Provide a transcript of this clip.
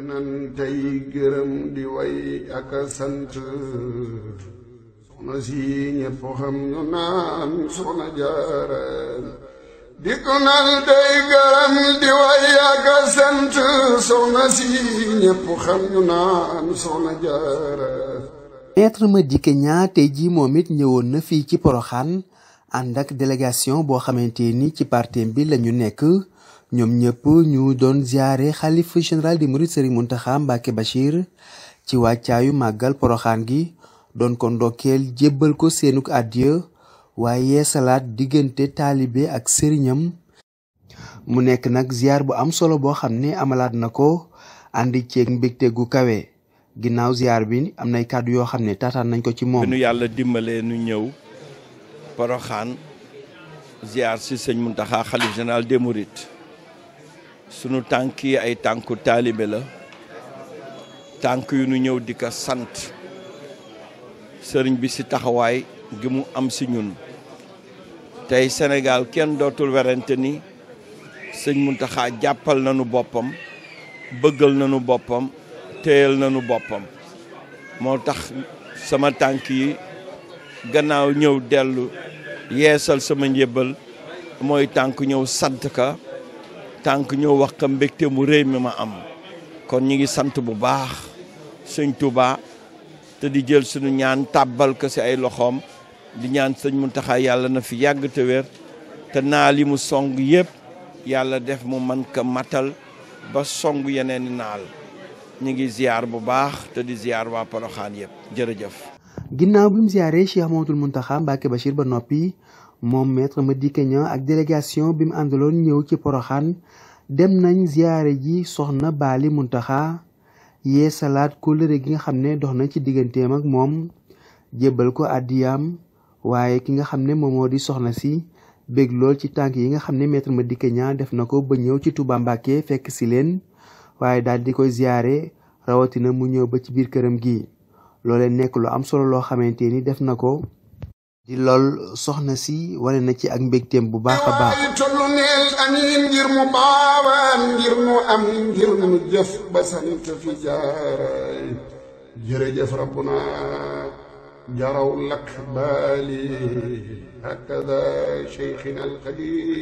nan tey gërëm di way jii moom it ñëwoon na fii ci poroxaan ànd ak délégation boo xamante ni ci parti bi lañu nekk ñoom ñëpp ñu doon ziare xalifa général di murit sëriñ Muntaxa Mbàkke Bachir ci wàccaayu màggal poroxaan gi doon ko ndokkeel jébbal ko seenuk àddiya waaye salaat diggante taalibe ak sëriñam mu nekk nag ziar bu am solo boo xam ne amalaat na ko àndi ceeg mbégte gu kawe ginnaaw ziar bi am nay kàddu yoo xam ne taataan nañ ko ci moom. nu yàlla dimbalee nu ñëw poroxaan ziar si sëñ Muntaxa xalif général des Mourides sunu tànk yi ay tànku taalibe la tànk yu nu ñëw di ko sant sëriñ bi ci taxawaay gi mu am ci ñun tey senegaal kenn dootul werante ni sëñ mu taxaa jàppal nañu boppam bëggal nañu boppam téyal nañu boppam moo tax sama tànk yi gannaaw ñëw dellu yeesal sama njébbal mooy tànk ñëw sant ka tànk ñoo wax ka mbégte mu rëy mi ma am kon ñu ngi sant bu baax sëñ Touba te di jël suñu ñaan tàbbal ko si ay loxoom di ñaan sëñ mu Muntaxa yàlla na fi yàgg te te naa li mu song yëpp yàlla def mu man ka matal ba song yeneen i naal ñu ngi ziar bu baax te di ziar waa Poroxaan yëpp jërëjëf. ginnaaw bi mu ziaree Cheikh Mamadou Muntaxa Mbacke Bachir ba noppi. moom maître Madické Niang ak délégation bi mu àndaloon ñëw ci poroxaan dem nañ ziyaare ji soxna Baali Muntaxa yee salaat kóllëre gi nga xam ne dox na ci digganteem ak moom jébbal ko àddiyaam waaye ki nga xam ne moom moo di soxna si bég lool ci tànk yi nga xam ne maître Madické Niang def na ko ba ñëw ci Touba Mbacké fekk si leen waaye daal di koy ziyaare rawatina mu ñëw ba ci biir këram gi loolee nekk lu am solo loo xamante ni def na ko di lool soxna si wane na ci ak mbégteem bu baax a baax tollu neel amin ngir mu baawaan ngir mu am ngir mu jëf ba sant fi jaaraay jërëjëf rabbuna jaraw lak baali hakada cheikhina alxadim